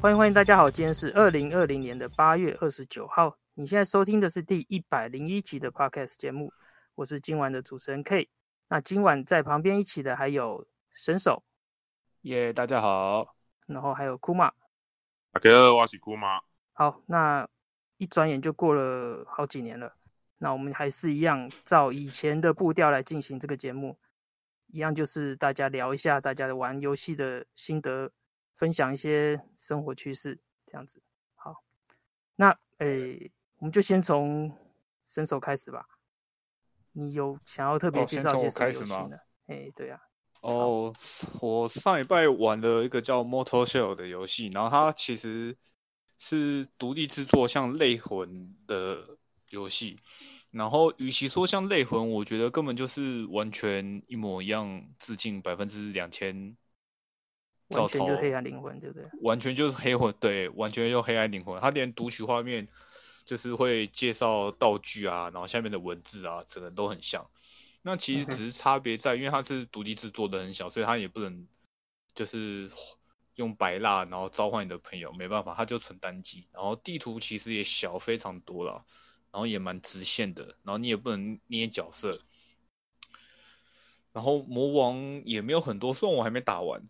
歡迎，歡迎大家好，今天是二零二零年的八月二十九號。你現在收聽的是第一百零一集的 Podcast 節目，我是今晚的主持人 K。那今晚在旁邊一起的還有神手，耶、yeah，大家好。然後還有庫瑪，大、啊、哥，我是庫瑪。好，那一轉眼就過了好幾年了。那我們還是一樣照以前的步調來進行這個節目，一樣就是大家聊一下大家的玩遊戲的心得。分享一些生活趣事，這樣子好。那誒、欸嗯，我們就先從伸手開始吧。你有想要特別介紹一些遊、哦、始的？誒、欸，對啊。哦，我上禮拜玩了一個叫《Motor Show》的遊戲，然後它其實是獨立制作，像《類魂》的遊戲。然後，與其說像《類魂》，我覺得根本就是完全一模一樣，致敬2000，致敬百分之兩千。完全就是黑暗靈魂，對不對？完全就是黑魂，對，完全用黑暗靈魂。他連讀取畫面，就是會介紹道具啊，然後下面的文字啊，整個都很像。那其實只是差別在，Okay. 因為它是獨立制作的很小，所以它也不能就是用白蠟然後召喚你的朋友，沒辦法，它就存單機。然後地圖其實也小非常多了，然後也蠻直線的，然後你也不能捏角色。然後魔王也沒有很多，雖然我還沒打完。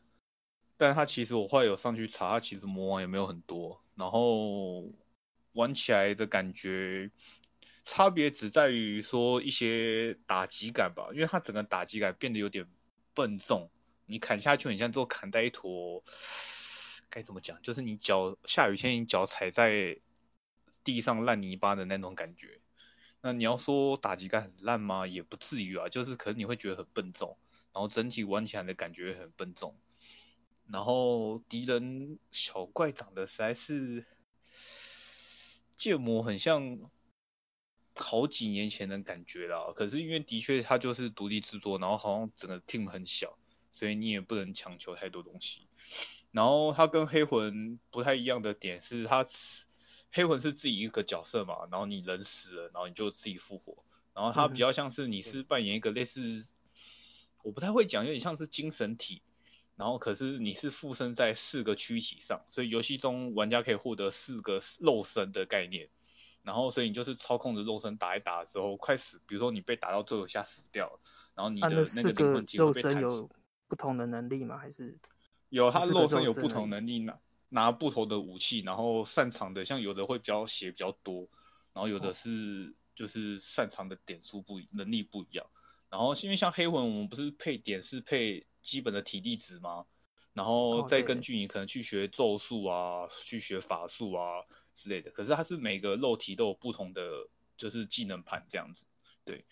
但它其實我後來有上去查，它其實魔王也沒有很多。然後玩起來的感覺差別只在於說一些打擊感吧，因為它整個打擊感變得有點笨重。你砍下去很像之後砍在一坨，該怎麼講？就是你腳下雨天，你腳踩在地上爛泥巴的那種感覺。那你要說打擊感很爛嗎？也不至於啊，就是可能你會覺得很笨重，然後整體玩起來的感覺也很笨重。然後敵人小怪長得實在是建模很像好幾年前的感覺了，可是因為的確它就是獨立製作，然後好像整個 team 很小，所以你也不能強求太多東西。然後它跟黑魂不太一樣的點是，它黑魂是自己一個角色嘛，然後你人死了，然後你就自己復活。然後它比較像是你是扮演一個類似，我不太會講，有點像是精神體。然後可是你是附身在四個軀體上，所以遊戲中玩家可以獲得四個肉身的概念。然後所以你就是操控着肉身打一打之後快死，比如說你被打到最後一下死掉然後你的那個靈魂會被彈出。啊、不同的能力嗎？還是有他肉身有不同能力拿，拿拿不同的武器，然後擅長的像有的會比較血比較多，然後有的是就是擅長的點數不、哦、能力不一樣。然後因為像黑魂，我們不是配點是配。基本的體力值嗎，然後再根據你可能去學咒術啊、oh, 去學法術啊對對之類的。可是它是每個肉體都有不同的，就是技能盤這樣子，對。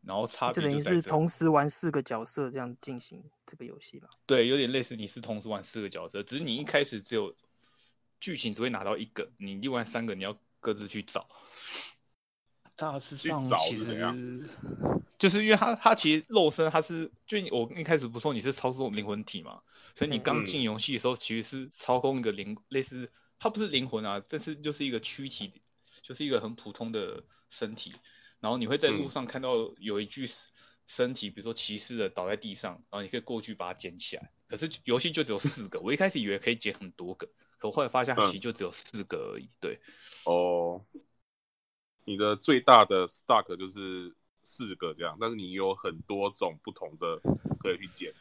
然後差別就等於是同時玩四個角色這樣進行這個遊戲吧。對，有點類似你是同時玩四個角色，只是你一開始只有劇情只會拿到一個，你另外三個你要各自去找。大致上其實。 就是因為它，它其實肉身它是，就我一開始不說你是操作靈魂體嘛，所以你剛進遊戲的時候其實是操控一個靈、嗯，類似它不是靈魂啊，但是就是一個軀體，就是一個很普通的身體。然後你會在路上看到有一具身體，嗯、比如說騎士的倒在地上，然後你可以過去把它撿起來。可是遊戲就只有四個， 我一開始以為可以撿很多個，可我後來發現它其實就只有四個而已。對、嗯，哦，你的最大的 stack 就是。四個這樣，但是你有很多種不同的可以去撿。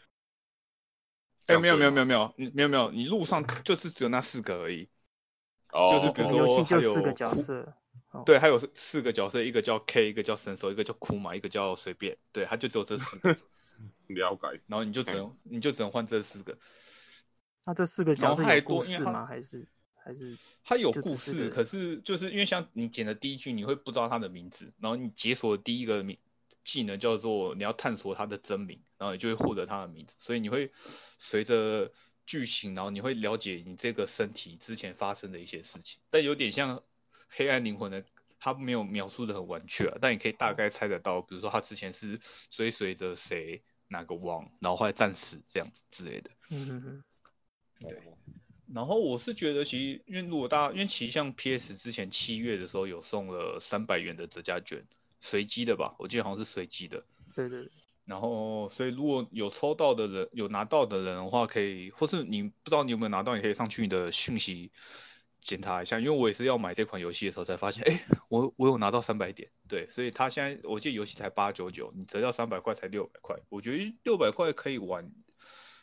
哎、欸，沒有沒有沒有沒有，你沒有沒有，你路上就是只有那四個而已。哦、就是比如說，哦哦、還有就四個角色，嗯。對，還有四個角色，一個叫 K，一個叫 Sensor，一個叫哭嘛，一個叫隨便。對，他就只有這四個。了解。然後你就只能，嗯、你就只能換這四個。那這四個角色然後還多，因為還是。還是，是他有故事，可是就是因為像你撿的第一句，你會不知道他的名字，然後你解鎖的第一個名技能叫做你要探索他的真名，然後你就會獲得他的名字，所以你會隨着劇情，然後你會了解你這個身體之前發生的一些事情。但有點像黑暗靈魂的，他沒有描述得很完全，但你可以大概猜得到，比如說他之前是追隨着誰，哪個王，然後後來戰死這樣子之類的。嗯嗯嗯，對。然後我是覺得，其實因為如果大家，因為其實像 PS 之前七月的時候有送了三百元的折價券，隨機的吧，我記得好像是隨機的。對對。然後所以如果有抽到的人，有拿到的人的話，可以，或是你不知道你有沒有拿到，你可以上去你的訊息檢查一下。因為我也是要買這款遊戲的時候才發現，誒，我我有拿到三百點。對，所以他現在我記得遊戲才八九九，你折掉三百塊才六百塊，我覺得六百塊可以玩。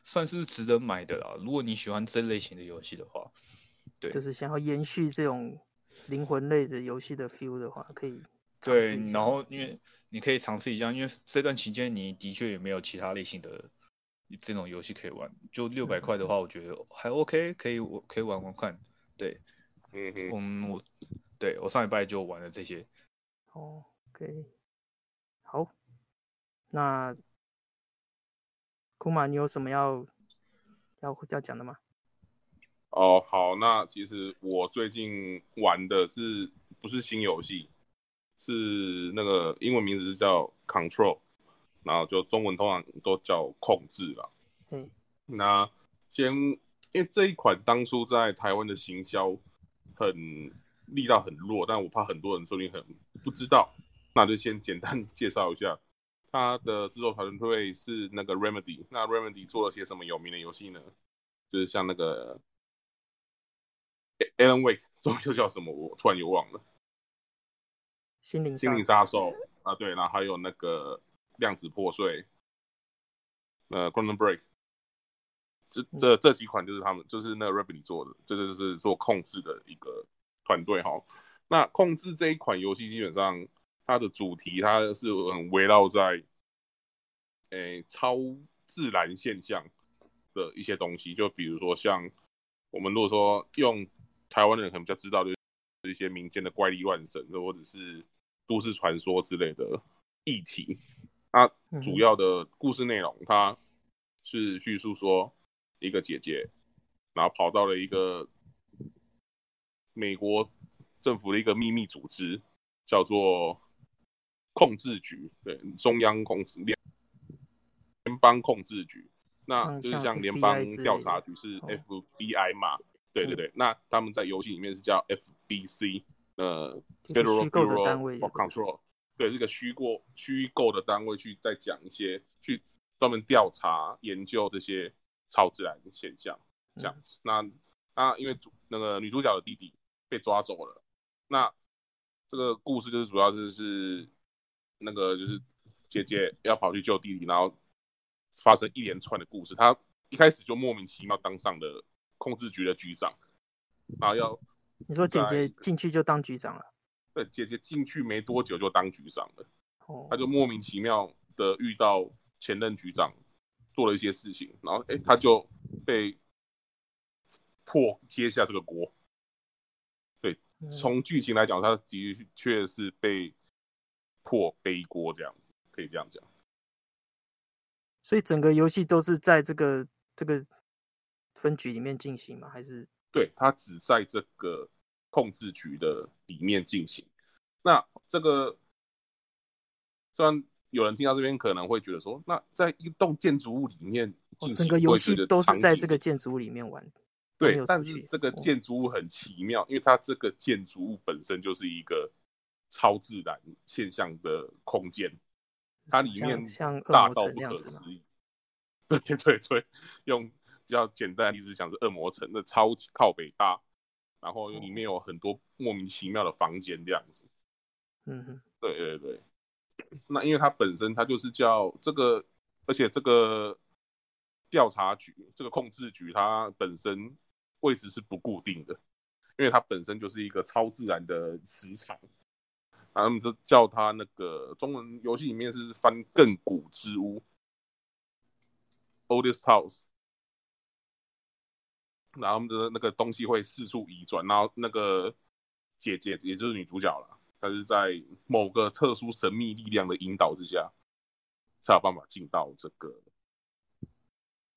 算是值得買的啦，如果你喜歡這類型的遊戲的話，對，就是想要延續這種靈魂類的遊戲的 feel 的話，可以。對，然後因為你可以嘗試一下，因為這段期間你的確也沒有其他類型的這種遊戲可以玩。就六百塊的話，我覺得還 OK，可以，我可以玩玩看。對，嗯 我對我上禮拜就玩了這些。哦，OK，好，那。庫馬，你有什麼要要要講的嗎？哦，好，那其實我最近玩的是不是新遊戲？是那個英文名字是叫《Control》，然後就中文通常都叫控制了。對，那先，因為這一款當初在台灣的行銷很力道很弱，但我怕很多人說你很不知道，那就先簡單介紹一下。他的製作團隊是那個 Remedy，那 Remedy 做了些什麼有名的遊戲呢？就是像那個、A、Alan Wake，這又叫什麼，我突然又忘了。心靈心靈殺手啊，對，然後還有那個量子破碎，嗯、呃 Quantum Break，這這這幾款就是他們就是那 Remedy 做的，這就是做控制的一個團隊哈。那控制這一款遊戲基本上。它的主題，它是很圍繞在，誒、欸，超自然現象的一些東西，就比如說像我們如果說用台灣的人可能比較知道，就一些民間的怪力亂神，或者是都市傳說之類的議題。它主要的故事內容，它是敘述說，一個姐姐，然後跑到了一個美國政府的一個秘密組織，叫做。控制局，對中央控制、聯、聯邦控制局，那就是像聯邦調查局是 FBI 嘛，像、像 FBI 哦、對對對、嗯，那他們在遊戲裡面是叫 FBC，呃，Federal Bureau of Control，對，是一個虛構、虛構的單位去再講一些、嗯、去專門調查研究這些超自然現象這樣子。那、那因為主那個女主角的弟弟被抓走了，那這個故事就是主要就是。嗯那個就是姐姐要跑去救弟弟，然後發生一連串的故事。她一開始就莫名其妙當上了控制局的局長，然後要、嗯、你說姐姐進去就當局長了、啊？對，姐姐進去沒多久就當局長了。哦，她就莫名其妙的遇到前任局長，做了一些事情，然後哎，她、欸、就被迫接下這個鍋。對，從、嗯、劇情來講，他的確是被。破背鍋這樣子，可以這樣講。所以整個遊戲都是在這個這個分局裡面進行嗎？還是？對，它只在這個控制局的裡面進行。那這個雖然有人聽到這邊可能會覺得說，那在一棟建築物裡面進行、哦，整個遊戲都是在這個建築物裡面玩。對，但是這個建築物很奇妙、哦，因為它這個建築物本身就是一個。超自然現象的空間，它裡面大到不可思議。對對對，用比較簡單的例子講，是惡魔城的超級靠北大，然後裡面有很多莫名其妙的房間這樣子。嗯哼，對對對。那因為它本身它就是叫這個，而且這個調查局、這個控制局，它本身位置是不固定的，因為它本身就是一個超自然的磁場。然後我們就叫他那個中文遊戲裡面是翻《更古之屋》Oldest House，然後的那個東西會四處移轉，然後那個姐姐也就是女主角了，她是在某個特殊神秘力量的引導之下，才有辦法進到這個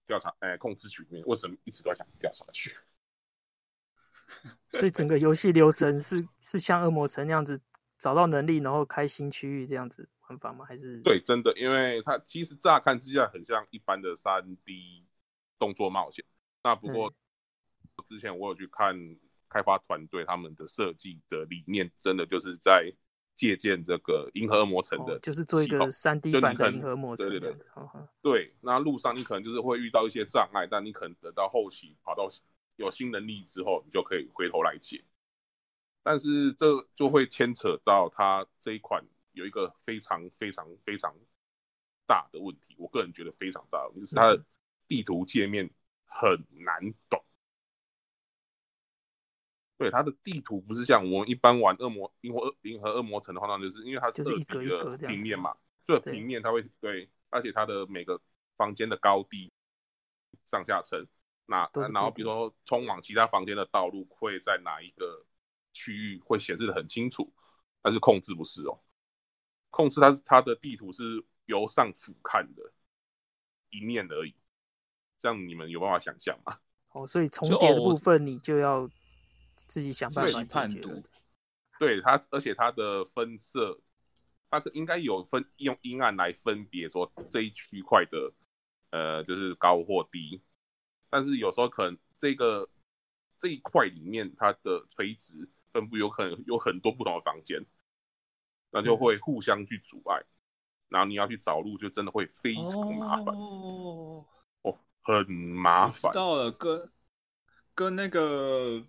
調查哎控制局面，為什麼一直都在想調查去？所以整個遊戲流程是 是像《惡魔城》那樣子，找到能力，然後開新區域這樣子玩法嗎？還是？對，真的，因為它其實乍看之下很像一般的三 D 動作冒險。那不過，之前我有去看開發團隊他們的設計的理念，真的就是在借鑑這個《銀河惡魔城的》的、哦，就是做一個三 D 版的《銀河惡魔城》。對對，對，對、哦、對，那路上你可能就是會遇到一些障礙，但你可能等到後期跑到有新能力之後，你就可以回頭來解。但是這就會牽扯到它這一款有一個非常非常非常大的問題，我個人覺得非常大的，就是它的地圖界面很難懂。嗯、對，它的地圖不是像我們一般玩《惡魔銀河銀河惡魔城》的話，那就是因為它是，就是一個一個平面嘛，這個平面它會對，而且它的每個房間的高低、上下層，那然後比如說通往其他房間的道路會在哪一個？區域會顯示得很清楚，但是控制不是哦。控制它它的地圖是由上俯瞰的一面而已，這樣你們有辦法想象嗎？哦，所以重疊的部分你就要自己想辦法判斷、哦。對它，而且它的分色，它應該有分用陰暗來分別說這一區塊的呃就是高或低，但是有時候可能這個這一塊裡面它的垂直。分佈有很有很多不同的房間，那就會互相去阻礙，嗯，然後你要去找路，就真的會非常麻煩哦，哦，很麻煩。到了跟跟那個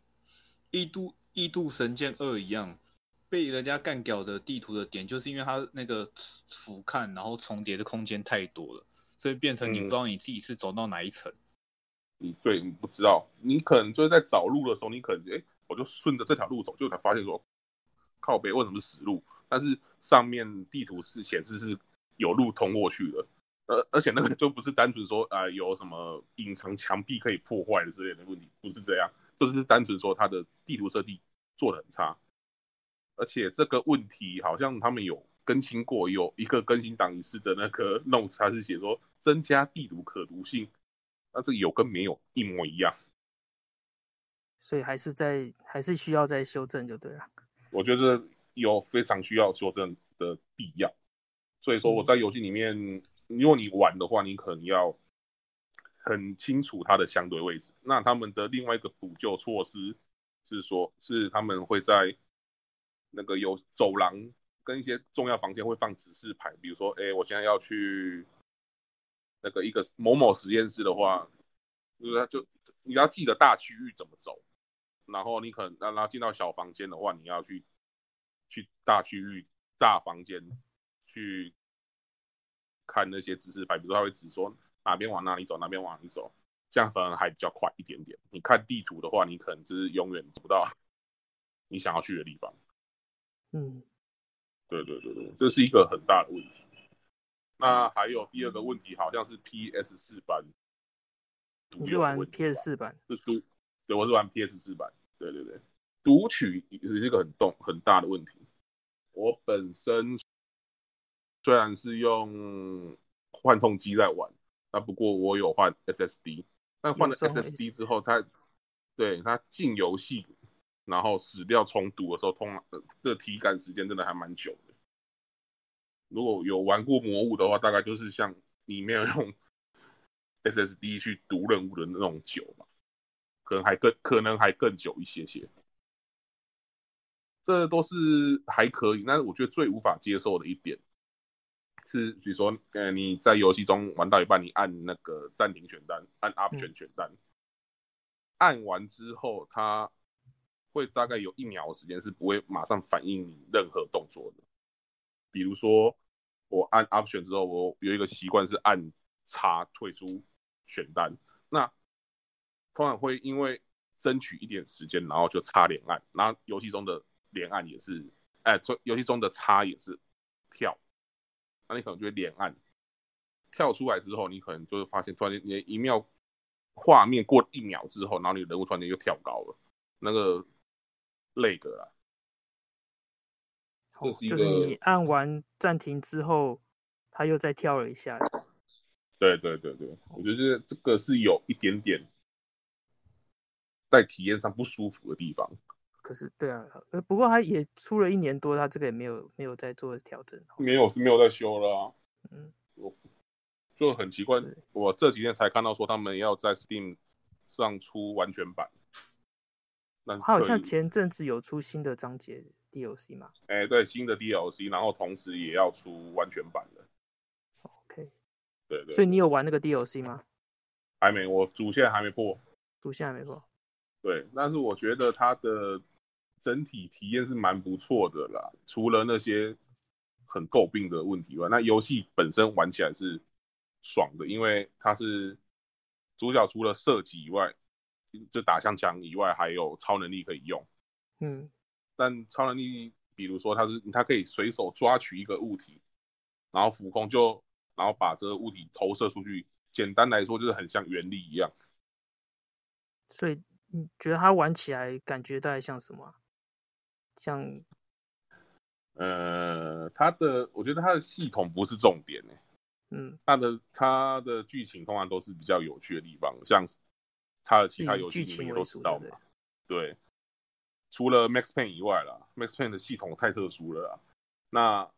一《異度異度神劍二》一樣，被人家幹掉的地圖的點，就是因為它那個俯瞰然後重疊的空間太多了，所以變成你不知道你自己是走到哪一層。你，嗯，對，你不知道，你可能就是在找路的時候，你可能誒。我就順着這條路走，就才發現說靠北為什麼是死路？但是上面地圖是顯示是有路通過去的，而、呃、而且那個就不是單純說啊、呃、有什麼隱藏牆壁可以破壞的之類的問題，不是這樣，就是單純說它的地圖設計做得很差，而且這個問題好像他們有更新過，有一個更新檔儀式的那個 notes，他是寫說增加地圖可讀性，那這個有跟沒有一模一樣。所以還是在，還是需要再修正就對了。我覺得有非常需要修正的必要。所以說我在遊戲裡面，如果你玩的話，你可能要很清楚它的相對位置。那他們的另外一個補救措施是說，是他們會在那個有走廊跟一些重要房間會放指示牌，比如說，哎，我現在要去那個一個某某實驗室的話，就是他就你要記得大區域怎麼走。然後你可能、啊，然後進到小房間的話，你要去去大區域、大房間去看那些指示牌，比如說他會指說哪邊往哪裡走，哪邊往哪裡走，這樣反而還比較快一點點。你看地圖的話，你可能就是永遠走不到你想要去的地方。嗯，對對對對，這是一個很大的問題。那還有第二個問題，好像是 PS 四版獨有的問題。你是玩 PS 四版？是輸，對，我是玩 PS 四版。對對對，讀取也是一個很動很大的問題。我本身雖然是用換痛機在玩，啊，不過我有換 SSD，但換了 SSD 之後，它，對它進遊戲，然後死掉重讀的時候，通常這體感時間真的還蠻久的。如果有玩過魔物的話，大概就是像你沒有用 SSD 去讀任務的那種久吧。可能還更可能還更久一些些，這都是還可以。但是我覺得最無法接受的一點是，比如說，呃，你在遊戲中玩到一半，你按那個暫停選單，按 option 選單、嗯，按完之後，它會大概有一秒的時間是不會馬上反應你任何動作的。比如說，我按 option 之後，我有一個習慣是按叉退出選單，那。突然會因為爭取一點時間，然後就差連按。然後遊戲中的連按也是，哎、欸，做遊戲中的叉也是跳。那你可能就會連按跳出來之後，你可能就會發現突然間你一秒畫面過了一秒之後，然後你的人物突然間又跳高了，那個累的了啦、oh, 是。就是你按完暫停之後，他又再跳了一下了。對對對對，我覺得這個是有一點點。在體驗上不舒服的地方，可是對啊，呃，不過他也出了一年多，他這個也沒有沒有再做調整，沒有沒有，沒有在修了，啊，嗯，我就很奇怪，我這幾天才看到說他們要在 Steam 上出完全版，他好像前陣子有出新的章節 DLC 嗎？哎、欸，對，新的 DLC，然後同時也要出完全版的，OK，對，對對，所以你有玩那個 DLC 嗎？還沒，我主線還沒破，主線還沒破。對，但是我覺得它的整體體驗是蠻不錯的啦，除了那些很詬病的問題外，那遊戲本身玩起來是爽的，因為它是主角除了射擊以外，就打向牆以外，還有超能力可以用。嗯，但超能力比如說它是，它可以隨手抓取一個物體，然後浮空就，然後把這個物體投射出去，簡單來說就是很像原力一樣。所以。你覺得他玩起來感覺大概像什麼？啊？像，呃，他的我覺得他的系統不是重點呢，欸。嗯，他的他的劇情通常都是比較有趣的地方，像他的其他遊戲你們都知道嘛。對，對，除了 Max Payne 以外啦，Max Payne 的系統太特殊了啦。那《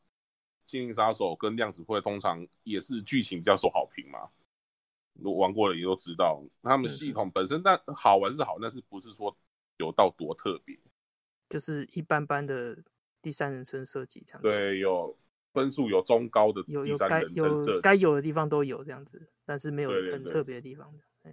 心靈殺手》跟《量子破碎》通常也是劇情比較受好評嘛？如果玩過了也都知道，他們系統本身、嗯、但好玩是好，但是不是說有到多特別，就是一般般的第三人稱設計，對，有分數，有中高的第三人，有有該有該有的地方都有這樣子，但是沒有很特別的地方，對對對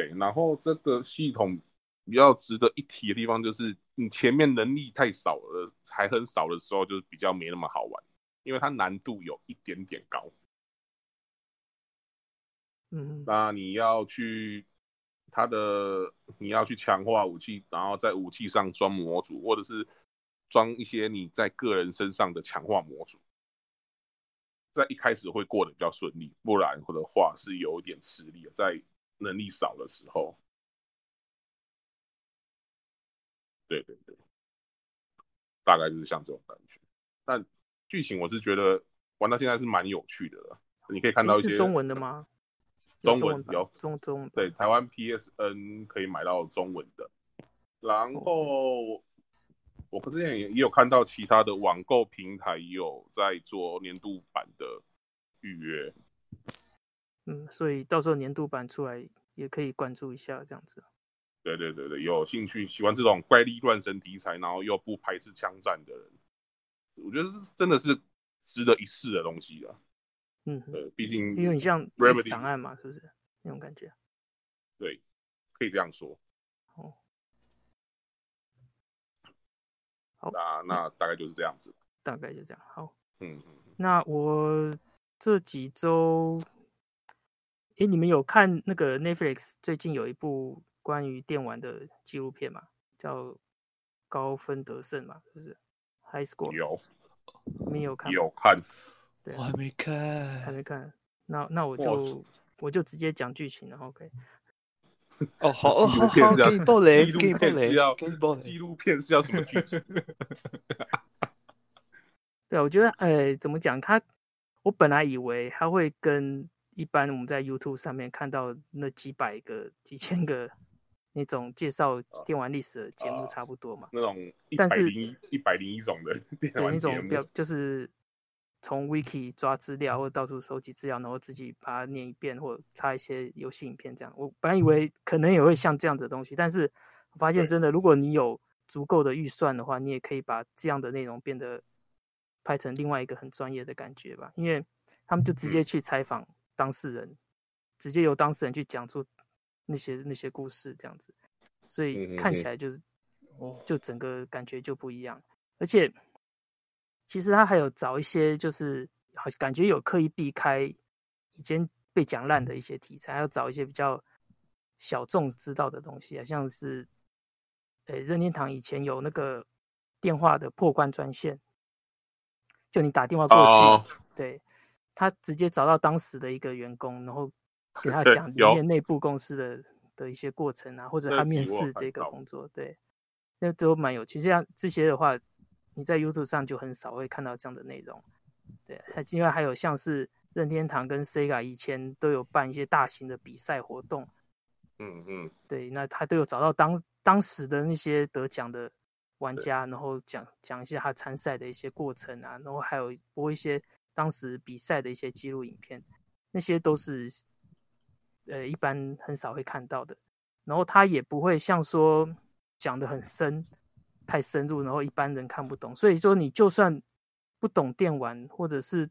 對。對，然後這個系統比較值得一提的地方就是，你前面能力太少了，還很少的時候，就是比較沒那麼好玩，因為它難度有一點點高。嗯， 那你要去他的，你要去強化武器，然後在武器上裝模組，或者是裝一些你在個人身上的強化模組，在一開始會過得比較順利，不然的話是有一點吃力，在能力少的時候。對對對，大概就是像這種感覺。但劇情我是覺得玩到現在是蠻有趣的了，你可以看到一些，是中文的嗎？中文有中中對台灣 PSN 可以買到中文的，然後我之前也也有看到其他的網購平台也有在做年度版的預約。嗯，所以到時候年度版出來也可以關注一下這樣子。對對對對，有興趣喜歡這種怪力亂神題材，然後又不排斥槍戰的人，我覺得是真的是值得一試的東西啊。嗯，呃、嗯，畢竟有你像檔案嘛，是不是那種感覺，啊？對，可以這樣說。哦，好啊，嗯，那大概就是這樣子，大概就這樣。好，嗯，那我這幾週，哎，欸，你們有看那個 Netflix 最近有一部關於電玩的紀錄片嗎？叫《高分得勝》嘛，是不是？High Score 有，沒有看？有看。我還沒看，還沒看，那那我就我就直接講劇情了，OK？ 哦，好，好、哦、好好，給你爆雷，給你爆雷給你爆，紀錄片是要什麼劇情？劇情 對我覺得，呃、欸，怎麼講？它，我本來以為它會跟一般我們在 YouTube 上面看到那幾百個、幾千個那種介紹電玩歷史的節目差不多嘛。啊啊、那種，但是一百零一百零一種的電玩節目，就是。從 wiki 抓資料，或到處收集資料，然後自己把它念一遍，或者插一些遊戲影片這樣。我本來以為可能也會像這樣子的東西，但是我發現真的，如果你有足夠的預算的話，你也可以把這樣的內容變得拍成另外一個很專業的感覺吧。因為他們就直接去採訪當事人嗯嗯，直接由當事人去講出那些那些故事這樣子，所以看起來就是、嗯嗯嗯，就整個感覺就不一樣，而且。其實他還有找一些，就是好像感覺有刻意避開已經被講爛的一些題材，還有找一些比較小眾知道的東西好像是，呃、哎，任天堂以前有那個電話的破關專線，就你打電話過去，oh. 對，他直接找到當時的一個員工，然後給他講裡面內部公司的，oh. 的一些過程啊，或者他面試這個工作，oh. 對，那都蠻有趣，像這些的話。你在 YouTube 上就很少會看到這樣的內容，對。另外還有像是任天堂跟 Sega 以前都有辦一些大型的比賽活動，嗯嗯，對。那他都有找到當當時的那些得獎的玩家，然後講講一下他參賽的一些過程啊，然後還有播一些當時比賽的一些紀錄影片，那些都是呃一般很少會看到的。然後他也不會像說講的很深。太深入，然後一般人看不懂，所以說你就算不懂電玩或者是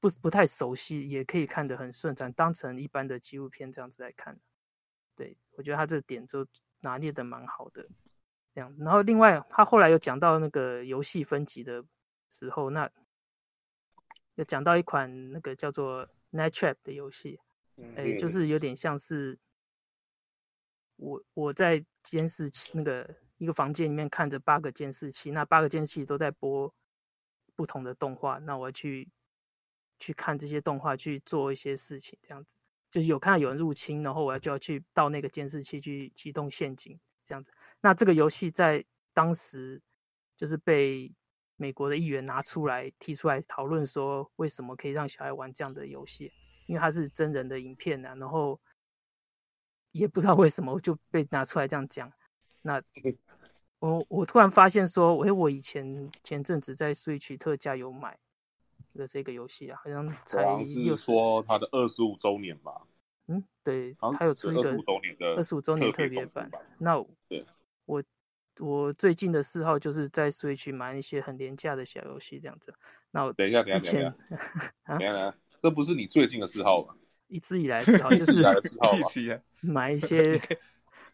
不不太熟悉，也可以看得很順暢，當成一般的紀錄片這樣子來看。對，我覺得他這個點就拿捏的蠻好的。這樣，然後另外他後來又講到那個遊戲分級的時候，那又講到一款那個叫做《Night、嗯、Trap》的遊戲，哎、嗯，就是有點像是我我在監視器那個。一個房間裡面看着八個監視器，那八個監視器都在播不同的動畫，那我要去去看這些動畫，去做一些事情，這樣子就是有看到有人入侵，然後我要就要去到那個監視器去啟動陷阱，這樣子。那這個遊戲在當時就是被美國的議員拿出來提出來討論，說，為什麼可以讓小孩玩這樣的遊戲？因為它是真人的影片啊，然後也不知道為什麼就被拿出來這樣講。 那我我突然發現說，哎、欸，我以前前陣子在 Switch 特價有買的這個遊戲啊，好像才又 60... 說它的二十五周年吧？嗯，對，它、啊、有出一個二十五周年的特別版、啊。那我我，我最近的嗜好就是在 Switch 買一些很廉價的小遊戲這樣子。那我等一下，等一下，等一下，等一下，啊、一下這不是你最近的嗜好嗎？ 一直以來嗜好就是買一些。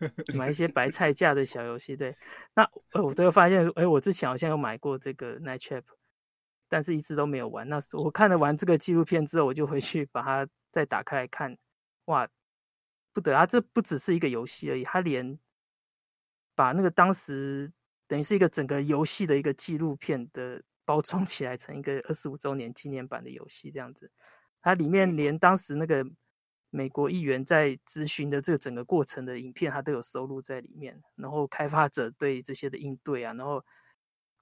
買一些白菜價的小遊戲，對。那我都有發現，哎、欸，我之前好像有買過這個《Night Trap》，但是一直都沒有玩。那我看了完這個紀錄片之後，我就回去把它再打開來看。哇，不得啊！這不只是一個遊戲而已，它連把那個當時等於是一個整個遊戲的一個紀錄片的包裝起來，成一個二十五周年紀念版的遊戲這樣子。它裡面連當時那個。美國議員在諮詢的這個整個過程的影片，他都有收錄在裡面。然後開發者對這些的應對啊，然後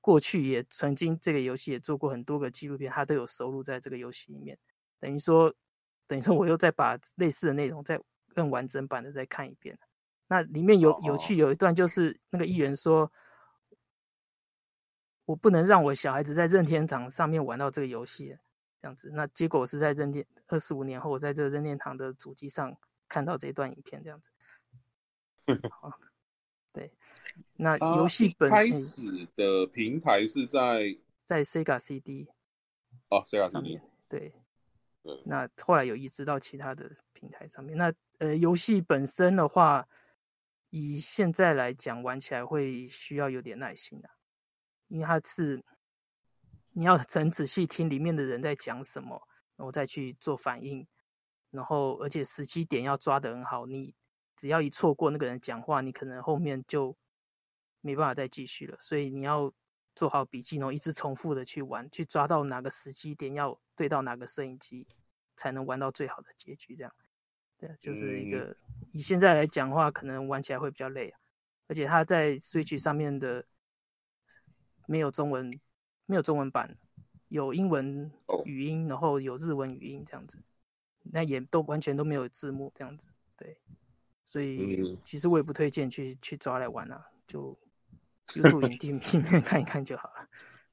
過去也曾經這個遊戲也做過很多個紀錄片，他都有收錄在這個遊戲裡面。等於說，等於說我又再把類似的內容再更完整版的再看一遍。那裡面有有趣有一段就是那個議員說：“ oh. 我不能讓我小孩子在任天堂上面玩到這個遊戲。”這樣子，那結果我是在任天二十五年後，我在這個任天堂的主機上看到這一段影片，這樣子。 好，對。那遊戲本、uh, 嗯、開始的平台是在在 Sega CD、oh。哦，Sega CD 對。對。那後來有移植到其他的平台上面。那呃，遊戲本身的話，以現在來講，玩起來會需要有點耐心啊，因為它是。你要很仔細聽裡面的人在講什麼，然後再去做反應，然後而且時機點要抓得很好，你只要一錯過那個人講話，你可能後面就沒辦法再繼續了。所以你要做好筆記，然後一直重複的去玩，去抓到哪個時機點要對到哪個攝影機，才能玩到最好的結局。這樣，對，就是一個、嗯、以現在來講的話，可能玩起來會比較累啊，而且他在 Switch 上面的沒有中文。沒有中文版，有英文語音，Oh. 然後有日文語音這樣子，那也都完全都沒有字幕這樣子，對，所以其實我也不推薦去去抓來玩啊，就錄影地裡面 看一看就好了，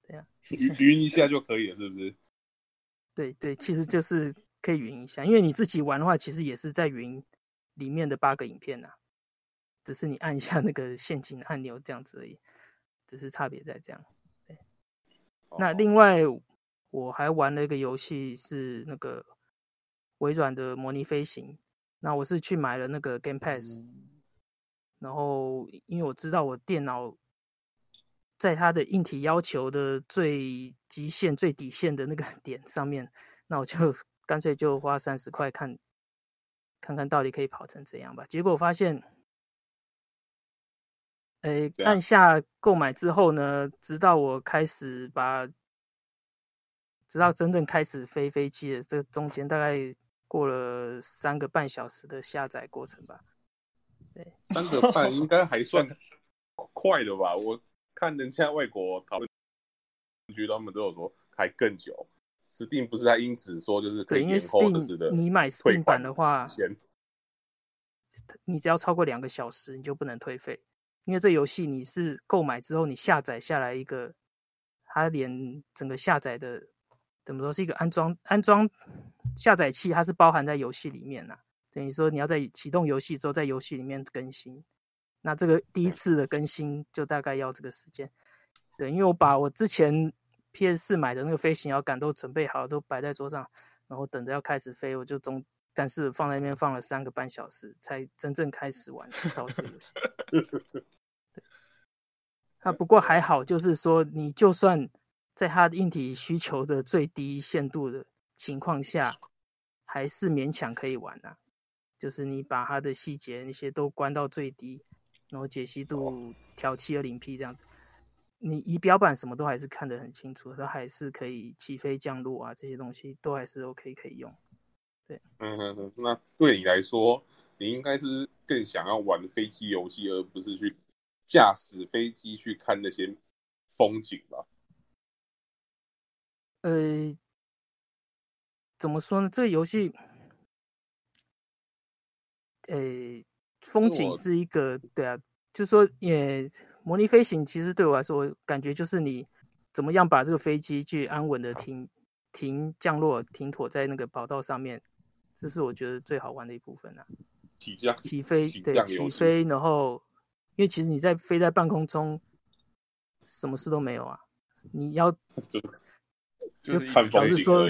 這樣你雲一下就可以了，是不是？ 對對，其實就是可以雲一下，因為你自己玩的話，其實也是在雲裡面的八個影片吶、啊，只是你按一下那個陷阱按鈕這樣子而已，只是差別在這樣。那另外，我還玩了一個遊戲，是那個微軟的模擬飛行。那我是去買了那個 Game Pass，嗯，然後因為我知道我電腦在它的硬體要求的最極限，最底線的那個點上面，那我就乾脆就花三十塊看看看到底可以跑成怎樣吧。結果我發現。哎、欸，按下購買之後呢，直到我開始把，直到真正開始飛飛機的，這中間大概過了三個半小時的下載過程吧。對，三個半應該還算快的吧？ 我看人家外國討論區他們都有說還更久。Steam 不是在因此說就是可以延後的 Steam, 你買 Steam 版的話，你只要超過兩個小時你就不能退費。因為這遊戲你是購買之後，你下載下來一個，它連整個下載的，怎麼說是一個安裝安裝下載器，它是包含在遊戲裡面吶、啊。等於說你要在啟動遊戲之後，在遊戲裡面更新。那這個第一次的更新就大概要這個時間。對，因為我把我之前 PS4 買的那個飛行搖桿都準備好，都擺在桌上，然後等着要開始飛，我就總但是放在那邊放了三個半小時，才真正開始玩超速遊戲。 啊，不過還好，就是說你就算在它的硬體需求的最低限度的情況下，還是勉強可以玩的啊。就是你把它的細節那些都關到最低，然後解析度調七二零 P 這樣子，你儀表板什麼都還是看得很清楚，它還是可以起飛、降落啊，這些東西都還是 OK 可以用。對，嗯嗯，那對你來說，你應該是更想要玩飛機遊戲，而不是去。駕駛飛機去看那些風景嗎？呃，怎麼說呢？這個遊戲，呃，風景是一個對啊，就是說也模擬飛行，其實對我來說，感覺就是你怎麼樣把這個飛機去安穩的停停降落，停妥在那個跑道上面，這是我覺得最好玩的一部分啊。起降、起飛，起飛，對，起飛，然後。因為其實你在飛在半空中，什麼事都沒有啊！你要，就假、就是、如說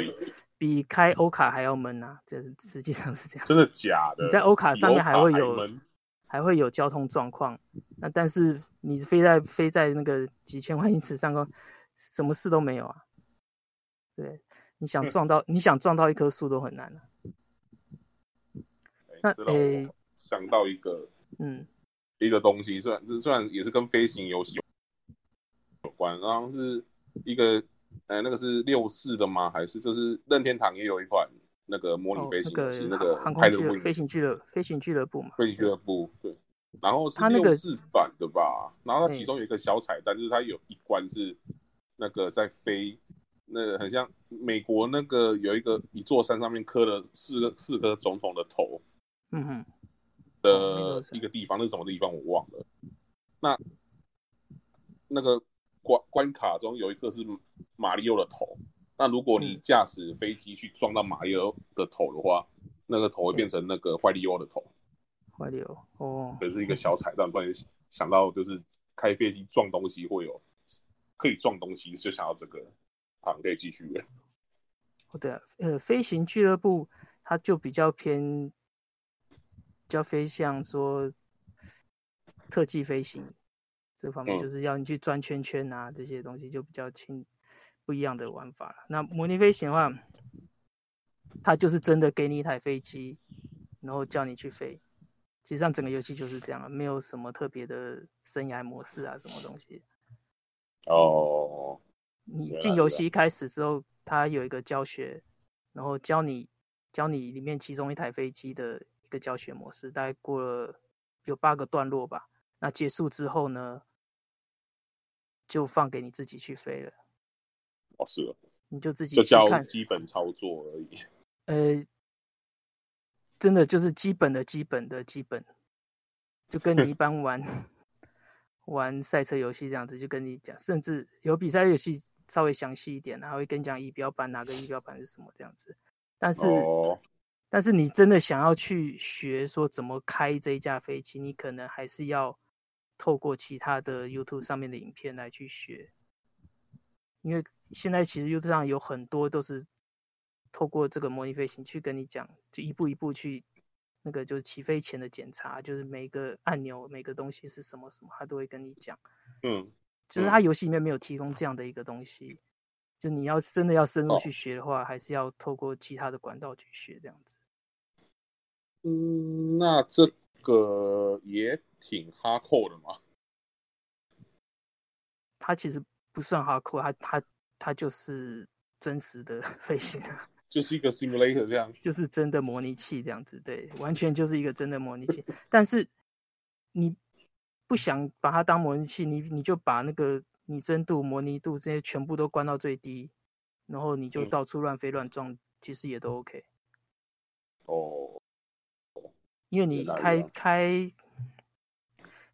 比開歐卡還要悶啊，這實際上是這樣。真的假的？你在歐卡上面還會有，還，還會有交通狀況。那但是你飛在飛在那個幾千萬英尺上空，什麼事都沒有啊！對，你想撞到 你想撞到一棵樹都很難啊。那我、欸欸、想到一個，嗯。一個東西算這算也是跟飛行遊戲有關，然後是一個、欸，那個是六四的嗎？還是就是任天堂也有一款那個模擬飛行是、哦、那個。那個、航空飛行俱樂飛行俱樂部嘛，飛行俱樂部，俱樂部，俱樂部對，對。然後是六四版的吧、那個，然後它其中有一個小彩蛋、欸，就是它有一關是那個在飛，那個、很像美國那個有一個一座山上面刻了四個四個總統的頭。嗯哼。呃，一個地方，那是什麼地方我忘了。那那個關關卡中有一個是馬里奧的頭。那如果你駕駛飛機去撞到馬里奧的頭的話，嗯，那個頭會變成那個壞里奧的頭。壞里奧哦，也是一個小彩蛋。突然想到，就是開飛機撞東西會有，可以撞東西，就想到這個，好，可以繼續。哦，對啊，呃，飛行俱樂部它就比較偏。叫飛非像說特技飛行這方面，就是要你去轉圈圈啊，這些東西就比較輕不一樣的玩法了。那模擬飛行的話，它就是真的給你一台飛機，然後叫你去飛。其實上整個遊戲就是這樣，沒有什麼特別的生涯模式啊，什麼東西。哦、oh, yeah,，yeah, yeah. 你進遊戲一開始之後，它有一個教學，然後教你教你裡面其中一台飛機的。教學模式大概過了有八個段落吧，那結束之後呢，就放給你自己去飛了。哦，是了，你就自己去看基本操作而已。呃，真的就是基本的基本的基本，就跟你一般玩 玩賽車遊戲這樣子，就跟你講，甚至有比賽遊戲稍微詳細一點，還會跟你講儀表板哪個儀表板是什麼這樣子，但是。哦但是你真的想要去學說怎麼開這一架飛機，你可能還是要透過其他的 YouTube 上面的影片來去學，因為現在其實 YouTube 上有很多都是透過這個模擬飛行去跟你講，就一步一步去那個就是起飛前的檢查，就是每個按鈕、每個東西是什麼什麼，他都會跟你講。嗯，嗯。就是他遊戲裡面沒有提供這樣的一個東西。就你要真的要深入去學的話，oh. 還是要透過其他的管道去學這樣子。嗯，那這個也挺哈扣的嘛？它其實不算哈扣，它它它就是真實的飛行啊，就是一個 simulator 這樣子，就是真的模擬器這樣子，對，完全就是一個真的模擬器。 但是你不想把它當模擬器，你你就把那個。擬真度、模擬度這些全部都關到最低，然後你就到處亂飛亂撞、嗯，其實也都 OK。哦，因為你開、啊、開，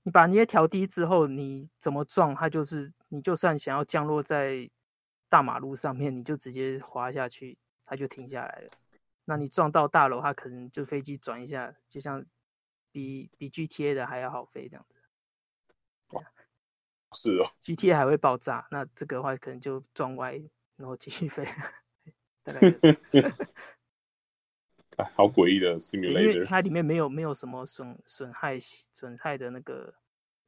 你把那些調低之後，你怎麼撞它就是，你就算想要降落在大馬路上面，你就直接滑下去，它就停下來了。那你撞到大樓，它可能就飛機轉一下，就像比比 GTA 的還要好飛這樣子。是哦，GTA 還會爆炸，那這個的話可能就撞歪，然後繼續飛。 就是 哎、好詭異的 simulator，因為它裡面沒有沒有什麼損損害損害的那個，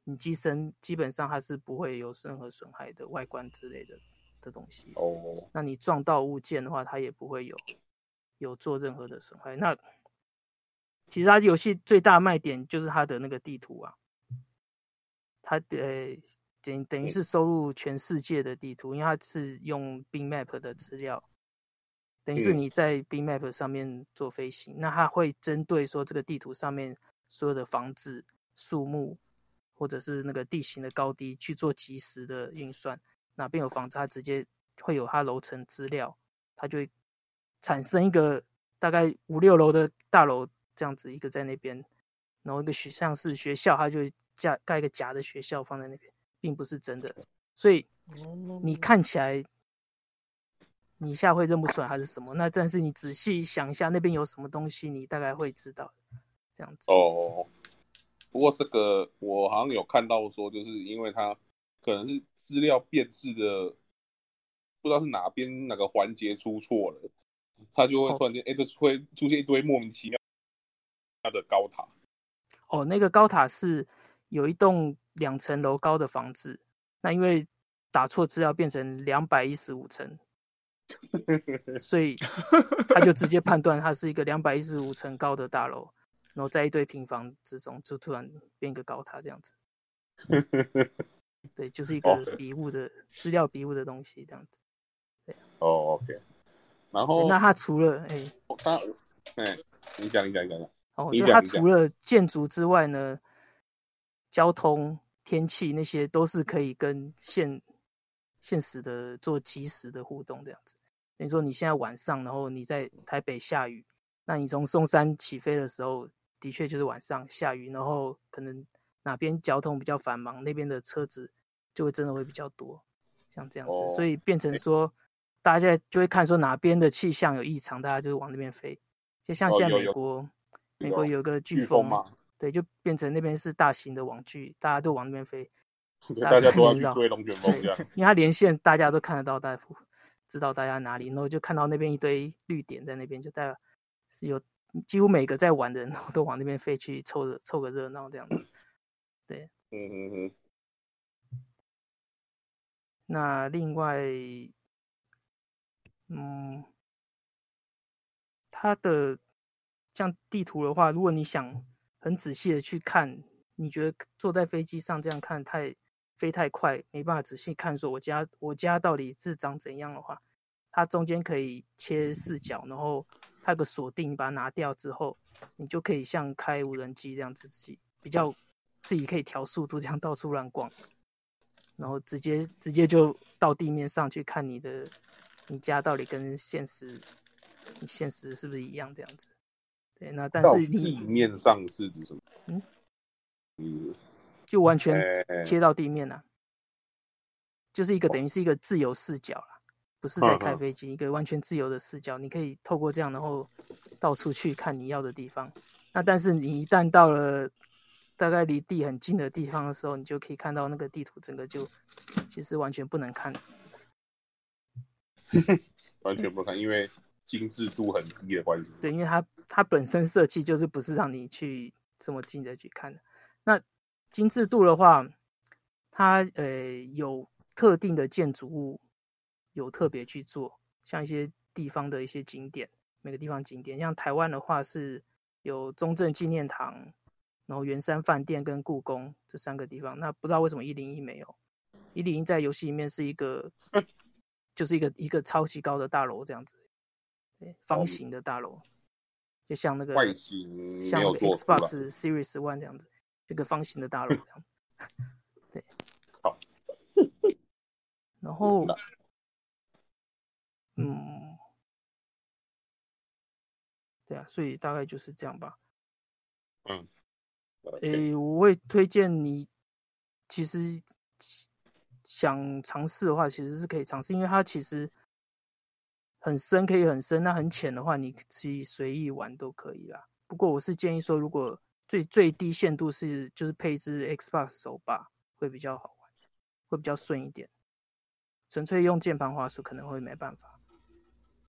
你機身基本上它是不會有任何損害的外觀之類的的東西哦。Oh. 那你撞到物件的話，它也不會有有做任何的損害。那其實它遊戲最大賣點就是它的那個地圖啊，它的。呃等等於是收錄全世界的地圖，因為它是用 Bing Map 的資料，等於是你在 Bing Map 上面做飛行，那它會針對說這個地圖上面所有的房子、樹木或者是那個地形的高低去做即時的運算，哪邊有房子，它直接會有它樓層資料，它就會產生一個大概五六樓的大樓，這樣子一個在那邊，然後一個學像是學校，它就架，蓋一個假的學校放在那邊。並不是真的，所以你看起來你一下會認不出來它是什麼。那但是你仔細想一下，那邊有什麼東西，你大概會知道。這樣子哦。Oh, 不過這個我好像有看到說，就是因為它可能是資料變質的，不知道是哪邊哪個環節出錯了，它就會突然間哎，這、oh. 欸、會出現一堆莫名其妙的高塔。哦、oh, 那個高塔是。有一棟兩層樓高的房子，那因為打錯資料變成兩百一十五層， 所以他就直接判斷它是一個兩百一十五層高的大樓，然後在一堆平房之中，就突然變一個高塔這樣子。 對，就是一個筆誤的資、oh. 料筆誤的東西這樣子。對，哦、oh,，OK、欸。然後那它除了哎，欸 oh, 他哎、欸，你講，你講，你講。哦，就它除了建築之外呢？交通、天氣那些都是可以跟現現實的做即時的互動，這樣子。等於說你現在晚上，然後你在台北下雨，那你從松山起飛的時候，的確就是晚上下雨，然後可能哪邊交通比較繁忙，那邊的車子就會真的會比較多，像這樣子。哦、所以變成說、欸，大家就會看說哪邊的氣象有異常，大家就會往那邊飛。就像現在美國，哦、美國有個颶風嘛。對，就變成那邊是大型的網劇，大家都往那邊飛，大家都要去追龍捲風，因為它連線，大家都看得到，大知道大家哪裡，然後就看到那邊一堆綠點在那邊，就代表是有幾乎每個在玩的人都往那邊飛去湊個湊個熱鬧這樣子。對，嗯嗯嗯。那另外，嗯，它的像地圖的話，如果你想。很仔細的去看，你覺得坐在飛機上這樣看太飛太快，沒辦法仔細看。說我家我家到底是長怎樣的話，它中間可以切視角，然後它有個鎖定，把它拿掉之後，你就可以像開無人機這樣子，自己比較自己可以調速度，這樣到處亂逛，然後直接直接就到地面上去看你的你家到底跟現實你現實是不是一樣這樣子。對，那但是你地面上是指什麼？嗯嗯，就完全切到地面了，okay. 就是一個等於是一個自由視角了，oh. 不是在開飛機，oh. 一個完全自由的視角，你可以透過這樣然後到處去看你要的地方。那但是你一旦到了大概離地很近的地方的時候，你就可以看到那個地圖整個就其實完全不能看， 完全不看，因為。 精緻度很低的關係，對，因為它它本身設計就是不是讓你去這麼近的去看的。那精緻度的話，它呃有特定的建築物有特別去做，像一些地方的一些景點，每個地方景點，像台灣的話是有中正紀念堂，然後圓山飯店跟故宮這三個地方。那不知道為什麼一零一沒有，一零一在遊戲裡面是一個就是一個一個超級高的大樓這樣子。方形的大樓，就像那個外形像 Xbox Series One 這樣子，嗯，一個方形的大樓這樣對，好，嗯。然後嗯，嗯，對啊，所以大概就是這樣吧。嗯，okay. 誒，我會推薦你，其實想嘗試的話，其實是可以嘗試，因為它其實。很深可以很深，那很淺的話，你可以隨意玩都可以啦。不過我是建議說，如果最最低限度是就是配置 Xbox 手把，會比較好玩，會比較順一點。純粹用鍵盤滑鼠可能會沒辦法。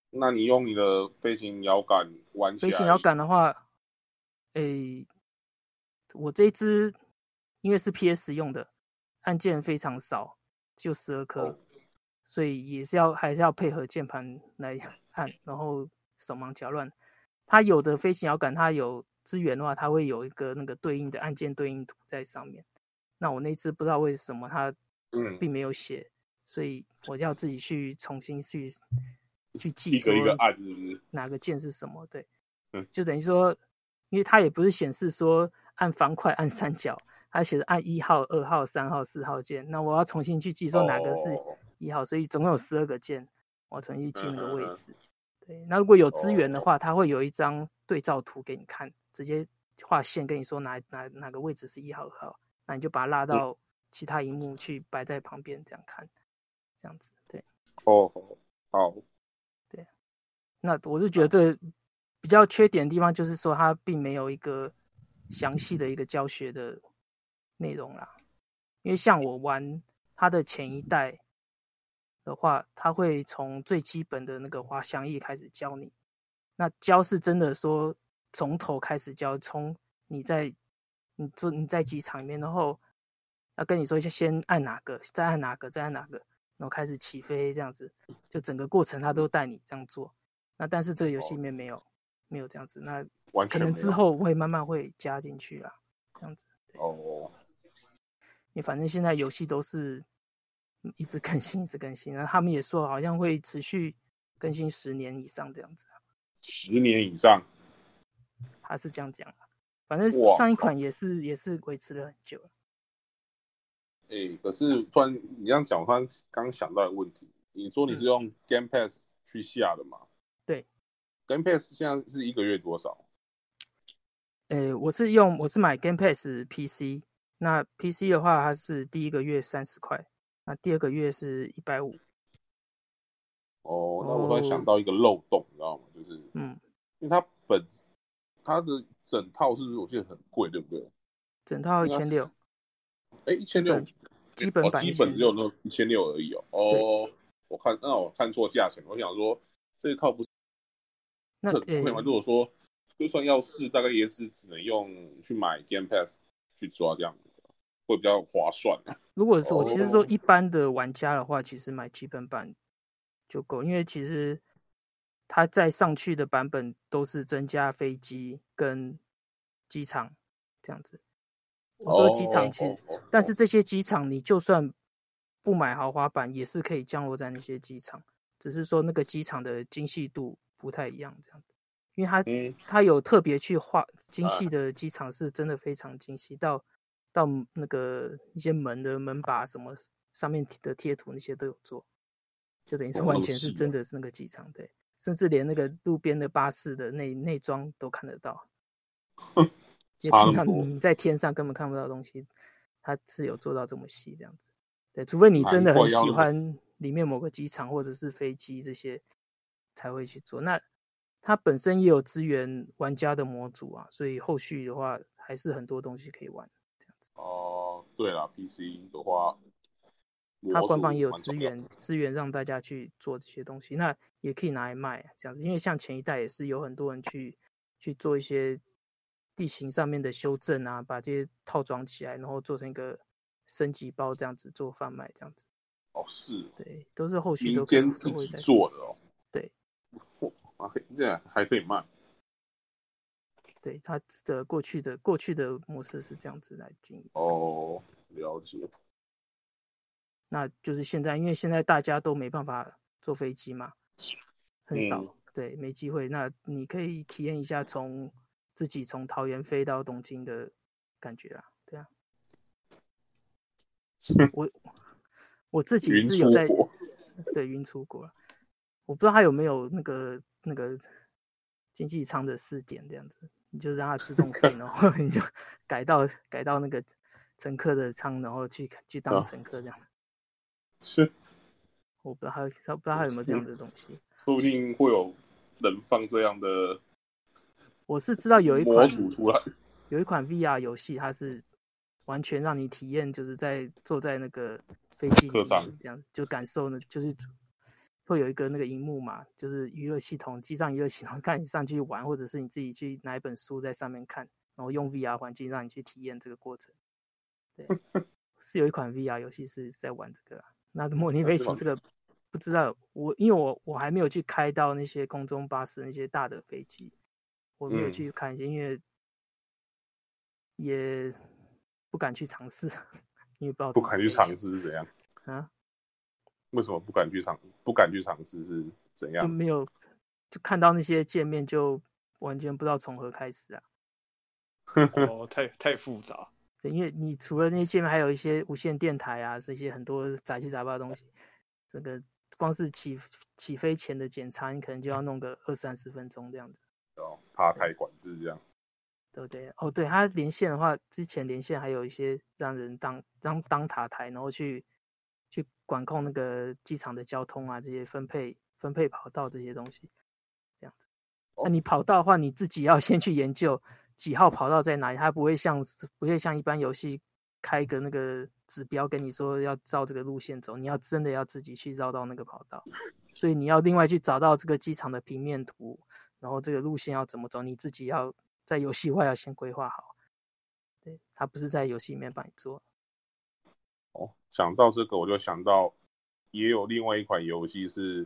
那你用你的飛行搖桿玩？飛行搖桿的話，誒、欸，我這支因為是 PS 用的，按鍵非常少，就十二顆。Oh. 所以也是要還是要配合鍵盤來按，然後手忙腳亂。它有的飛行搖桿，它有支援的話，它會有一個那個對應的按鍵對應圖在上面。那我那支不知道為什麼它並沒有寫、嗯，所以我要自己去重新去去記說哪個鍵是什麼？對，就等於說，因為它也不是顯示說按方塊、按三角，它寫著按一號、二號、三號、四號鍵，那我要重新去記說哪個是。哦一號，所以總共有十二個鍵，我存一進的位置、嗯。對，那如果有資源的話，它、哦、會有一張對照圖給你看，直接畫線跟你說哪哪哪個位置是一號二號，那你就把它拉到其他熒幕去擺在旁邊這樣看，這樣子對。哦，好、哦，對。那我是覺得這比較缺點的地方就是說，它並沒有一個詳細的一個教學的內容啦，因為像我玩它的前一代。的話，他會從最基本的那個滑翔翼開始教你。那教是真的說從頭開始教，從你在你說你在機場裡面，然後要跟你說一下，先按哪個，再按哪個，再按哪個，然後開始起飛這樣子，就整個過程他都帶你這樣做。那但是這個遊戲裡面沒有沒有，沒有這樣子，那可能之後會慢慢會加進去啦、啊，這樣子。哦，你、oh. 反正現在遊戲都是。一直更新，一直更新，然後他們也說好像會持續更新十年以上這樣子。十年以上？他是這樣講的。反正上一款也是也是維持了很久了。誒，可是突然你這樣講，我剛剛想到一個問題。嗯。你說你是用 Game Pass 去下的嗎？嗯。對。Game Pass 現在是一個月多少？誒，我是用我是買 Game Pass PC，那 PC 的話它是第一個月三十塊。那、啊、第二個月是一百五，哦，那我突然想到一個漏洞、哦，你知道嗎？就是，嗯，因為它本它的整套是不是我記得很貴，對不對？整套一千六，哎，一千六，基本版 1,、哦、基本只有那一千六而已哦。哦，我看那我看錯價錢了，我想說這一套不是很那很貴嗎？如果說就算要試，大概也是只能用去買 Game Pass 去抓這樣。會比較划算。如果說我、oh, 其實說一般的玩家的話，oh, 其實買基本版就夠，因為其實它再上去的版本都是增加飛機跟機場這樣子。你、oh, 說機場其實，oh, oh, oh, oh, 但是這些機場你就算不買豪華版也是可以降落在那些機場，只是說那個機場的精細度不太一樣這樣。因為它、嗯、它有特別去畫精細的機場，是真的非常精細、啊、到。到那個一些門的門把什麼上面的貼圖那些都有做，就等於是完全是真的是那個機場，對，甚至連那個路邊的巴士的內內裝都看得到。平常你在天上根本看不到東西，它是有做到這麼細這樣子，對，除非你真的很喜歡裡面某個機場或者是飛機這些才會去做。那它本身也有支援玩家的模組啊，所以後續的話還是很多東西可以玩。哦、呃，對了，PC 的話，它官方也有資源資源讓大家去做這些東西，那也可以拿來賣這樣子。因為像前一代也是有很多人去去做一些地形上面的修正啊，把這些套裝起來，然後做成一個升級包這樣子做販賣這樣子。哦，是哦，對，都是後續都可能是民間自己做的哦。對，哇，還可以這樣，還可以賣。對，他的過去的過去的模式是這樣子來進行。哦，了解。那就是現在，因為現在大家都沒辦法坐飛機嘛，很少、嗯、對，沒機會。那你可以體驗一下從自己從桃園飛到東京的感覺啊，對啊。嗯、我我自己是有在雲對雲出國了，我不知道他有沒有那個那個經濟艙的試點這樣子。你就讓它自動飛，然後你就 改到改到那個乘客的艙，然後去去當乘客這樣。啊、是，我不知道還有不知道還有沒有這樣的東西、嗯。說不定會有人放這樣的。我是知道有一款，有一款 VR 遊戲，它是完全讓你體驗，就是在坐在那個飛機上、就是、這樣，就感受呢，就是。會有一個那個熒幕嘛，就是娛樂系統，機上娛樂系統，看你上去玩，或者是你自己去拿一本書在上面看，然後用 VR 環境讓你去體驗這個過程。對， 是有一款 VR 遊戲是在玩這個、啊。那模擬飛行這個 不知道我，因為我我還沒有去開到那些空中巴士那些大的飛機，我沒有去看一些，嗯、因為也不敢去嘗試，因為不知道。不敢去嘗試是怎樣？啊？為什麼不敢去嘗？不敢去嘗試是怎樣？就沒有，就看到那些界面就完全不知道從何開始啊！ 哦，太太複雜。對，因為你除了那些界面，還有一些無線電台啊，這些很多雜七雜八的東西。這個光是起起飛前的檢查，你可能就要弄個二三十分鐘這樣子。哦，塔台管制這樣。對不對、啊？哦，對，他連線的話，之前連線還有一些讓人當當當塔台，然後去。管控那個機場的交通啊，這些分配分配跑道這些東西，這樣子。那你跑道的話，你自己要先去研究幾號跑道在哪裡，它不會像不會像一般遊戲開一個那個指標跟你說要照這個路線走，你要真的要自己去繞到那個跑道，所以你要另外去找到這個機場的平面圖，然後這個路線要怎麼走，你自己要在遊戲外要先規劃好。對，它不是在遊戲裡面幫你做。想到這個，我就想到也有另外一款遊戲是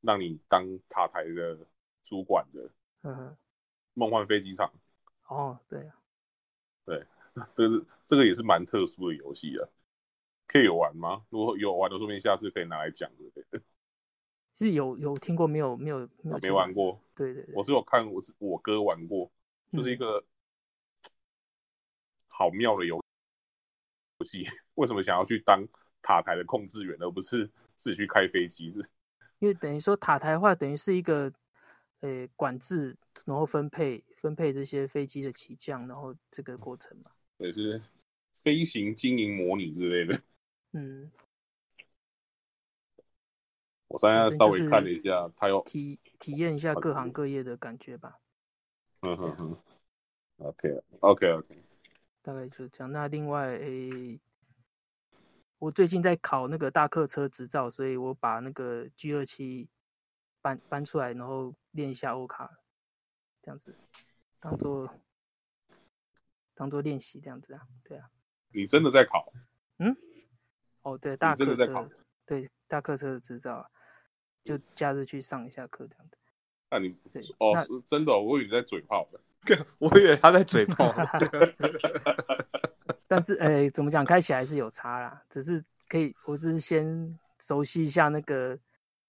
讓你當塔台的主管的，嗯，夢幻飛機場。哦，對啊，對，這是這個也是蠻特殊的遊戲啊。可以有玩嗎？如果有玩的，說明下次可以拿來講的。是有有聽過沒有？沒有，沒有，啊，沒玩過。對對對。我是有看我，我是我哥玩過，就是一個好妙的遊戲。嗯為什麼想要去當塔台的控制員，而不是自己去開飛機？這因為等於說塔台的話等於是一個，呃，管制，然後分配分配這些飛機的起降，然後這個過程嘛。也是飛行經營模擬之類的。嗯。我剛才稍微看了一下，嗯，就是、他有體體驗一下各行各業的感覺吧。嗯哼哼。啊、OK OK OK。大概就這樣。那另外。誒我最近在考那個大客車執照，所以我把那個 G27 搬搬出來，然後練一下歐卡，這樣子當做當做練習，這樣子啊，對啊。你真的在考？嗯，哦對，大客車對大客車的執照，就假日去上一下課這樣子。那你對哦，是真的、哦，我以為你在嘴炮 我以為他在嘴炮。 是 誒，怎麼講？開起來是有差啦，只是可以，我只是先熟悉一下那個，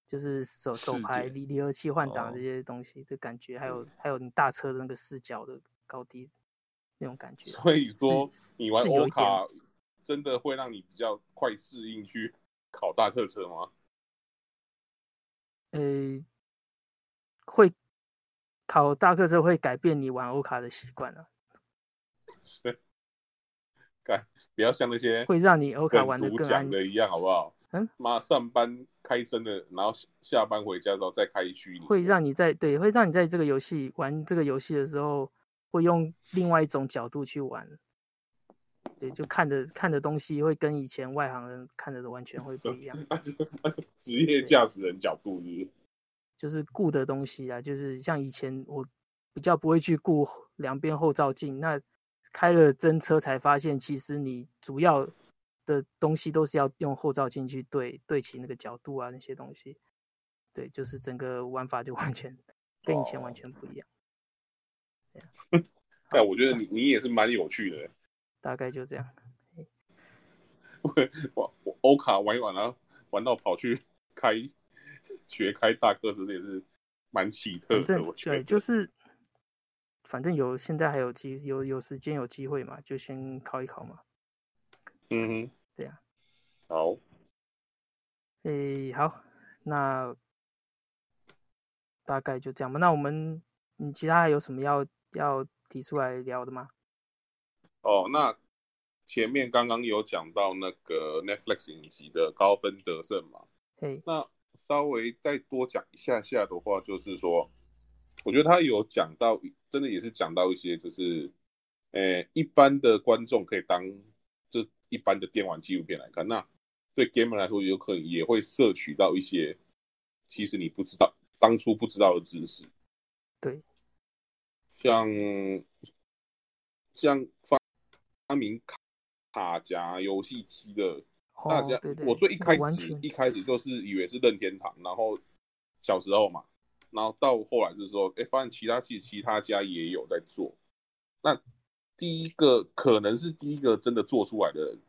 就是手手排離離合器換擋這些東西，的、哦、感覺，還有還有你大車的那個視角的高低的那種感覺。所以說你玩歐卡真的會讓你比較快適應去考大客車嗎？誒，會考大客車會改變你玩歐卡的習慣啊？對。看，不要像那些會讓你歐卡玩得更好的一樣，好不好？嗯，媽，上班開真的，然後下班回家之後再開一區，會讓你在對，會讓你在這個遊戲玩這個遊戲的時候，會用另外一種角度去玩。對，就看的看的東西會跟以前外行人看的完全會不一樣。職業駕駛人角度，就是顧的東西啊，就是像以前我比較不會去顧兩邊後照鏡，那。開了真車才發現，其實你主要的東西都是要用後照鏡去對對齊那個角度啊，那些東西，對，就是整個玩法就完全跟以前完全不一樣。對，啊對啊，我覺得你你也是蠻有趣的。大概就這樣。我我歐卡玩一玩啊，然後玩到跑去開學開大個子，這也是蠻奇特的，對，就是。反正有，現在還有機有有時間有機會嘛，就先考一考嘛。嗯哼，這樣。好。誒、欸，好，那大概就這樣吧。那我們，你其他還有什麼要要提出來聊的嗎？哦，那前面剛剛有講到那個 Netflix 影集的高分得勝嘛。嘿。那稍微再多講一下下的話，就是說，我覺得他有講到真的也是講到一些，就是，誒、欸，一般的觀眾可以當，就一般的電玩紀錄片來看，那對 gamer 來說有可能也會攝取到一些，其實你不知道，當初不知道的知識。對。像，像發發明卡卡夾遊戲機的，大家、oh, 對對，我最一開始一開始就是以為是任天堂，然後小時候嘛。然後到後來就是說，哎，發現其他其實其他家也有在做。那第一個可能是第一個真的做出來的人。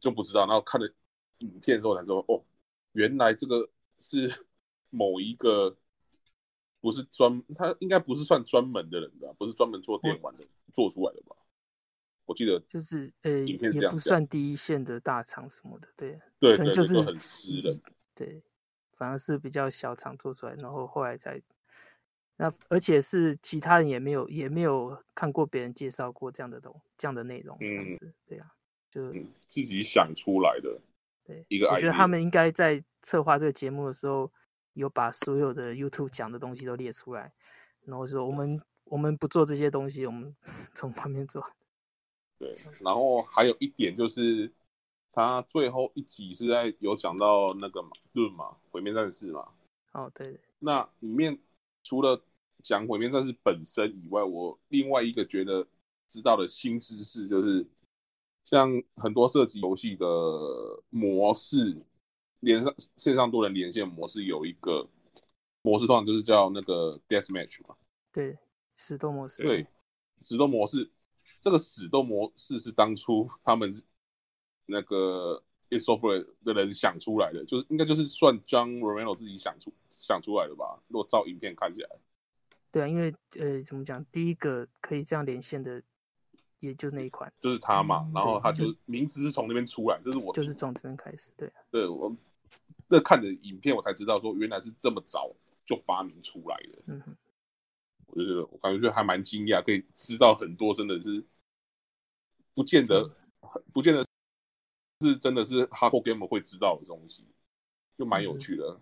就不知道。然後看了影片之後才說，哦，原來這個是某一個，不是專，他應該不是算專門的人吧，不是專門做電玩的人、嗯、做出來的吧？我記得就是，呃，影片是這樣，不算第一線的大廠什麼的，對，對可能、就是、對，對，就是很實的、嗯。對。反而是比較小廠做出來，然後後來才，那而且是其他人也沒有，也沒有看過別人介紹過這樣的東這樣的內容，嗯、這樣子，對啊，就、嗯、自己想出來的，對，一個 idea，我覺得他們應該在策劃這個節目的時候，有把所有的 YouTube 講的東西都列出來，然後說我們我們不做這些東西，我們從旁邊做，對，然後還有一點就是。他最後一集是在有講到那個《盾嘛，毀滅戰士》嘛。哦、oh，對。那裡面除了講毀滅戰士本身以外，我另外一個覺得知道的新知識就是，像很多射擊遊戲的模式，連上線上多人連線模式有一個模式段，通常就是叫那個 Death Match 嘛。對，死鬥模式。對，死鬥模式，這個死鬥模式是當初他們。那個 id Software 的人想出來的，就是應該就是算 John Romano 自己想出想出來的吧？如果照影片看起來，對啊，因為呃，怎麼講，第一個可以這樣連線的，也就那一款，就是他嘛。嗯、然後他就，就名字是從那邊出來，就是我，就是從這邊開始，對、啊、對我那看的影片，我才知道說原來是這麼早就發明出來的。嗯哼，我就覺得，我感覺就還蠻驚訝，可以知道很多，真的是不見得不見得。是真的是 Hardcore Game 會知道的東西，就蠻有趣的、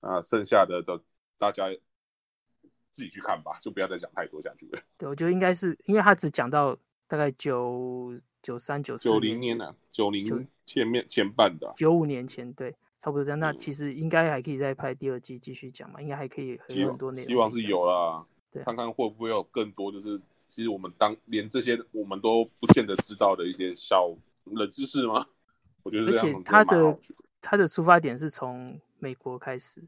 嗯。啊，剩下的就大家自己去看吧，就不要再講太多下去了。對，我覺得應該是因為他只講到大概九九三九四零年呢，九零、啊、前面 90, 前半的九、啊、五年前，對，差不多這樣、嗯。那其實應該還可以再拍第二季繼續講嘛，應該還可以很多年。希望是有啦，對、啊，看看會不會有更多，就是其實我們當連這些我們都不見得知道的一些效果。冷知識嗎？我覺得，而且他的他的出發點是從美國開始，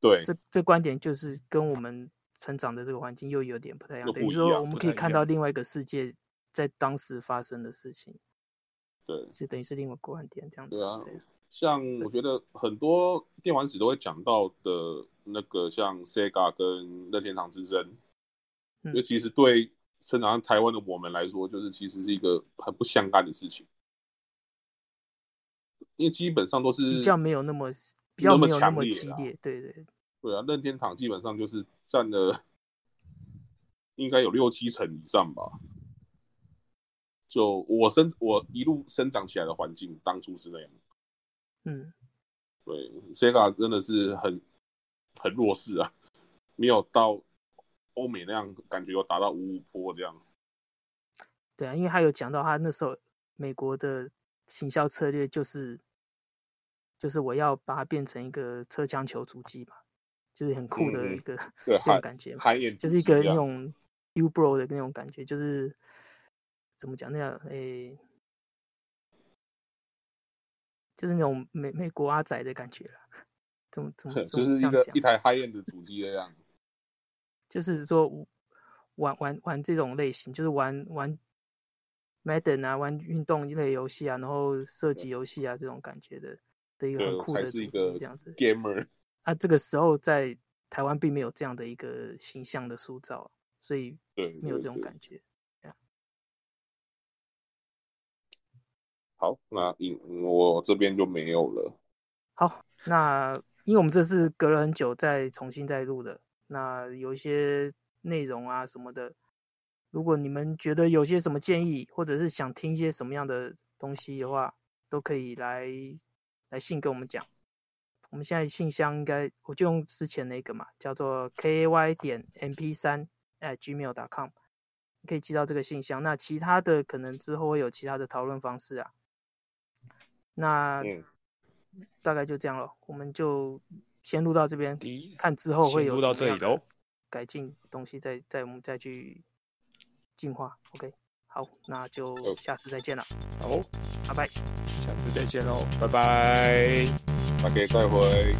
對，這這觀點就是跟我們成長的這個環境又有點不太一樣，等於說我們可以看到另外一個世界在當時發生的事情，對，就等於是另外一個觀點這樣子。啊，像我覺得很多電玩史都會講到的那個，像 Sega 跟任天堂之爭，嗯，尤其是對。生長在台灣的我們來說，就是其實是一個很不相干的事情，因為基本上都是比較沒有那麼，比較沒有那麼激烈，對對。對啊，任天堂基本上就是占了，應該有六七成以上吧。就我生我一路生長起來的環境，當初是那樣。嗯。對，Sega 真的是很很弱勢啊，沒有到。歐美那樣感覺有達到五五波這樣，對啊，因為他有講到他那時候美國的行銷策略就是，就是我要把它變成一個車槍球主機嘛，就是很酷的一個嗯嗯這種感覺嘛，就是一個那種 Upro 的那種感覺，就是怎麼講那樣誒、欸，就是那種美美國阿宅的感覺，怎麼怎麼，怎麼這樣講？就是、一台 Hi-end 的主機這樣。 就是說玩玩玩這種類型，就是玩玩 Madden 啊，玩運動一類遊戲啊，然後射擊遊戲啊這種感覺的對，的一個很酷的情形，是一個這樣子 gamer 啊。這個時候在台灣並沒有這樣的一個形象的塑造，所以沒有這種感覺。好，那我這邊就沒有了。好，那因為我們這是隔了很久再重新再錄的。那有一些內容啊什麼的，如果你們覺得有些什麼建議，或者是想聽一些什麼樣的東西的話，都可以來來信跟我們講。我們現在信箱應該我就用之前那個嘛，叫做 kay 點 mp 三 at gmail.com，可以寄到這個信箱。那其他的可能之後會有其他的討論方式啊。那大概就這樣了，我們就。先錄到這邊，D, 看之後會有哪裡改進東西再，再再我們再去進化。OK，好，那就下次再見了。好，拜拜，下次再見嘍，拜拜，把給帶回。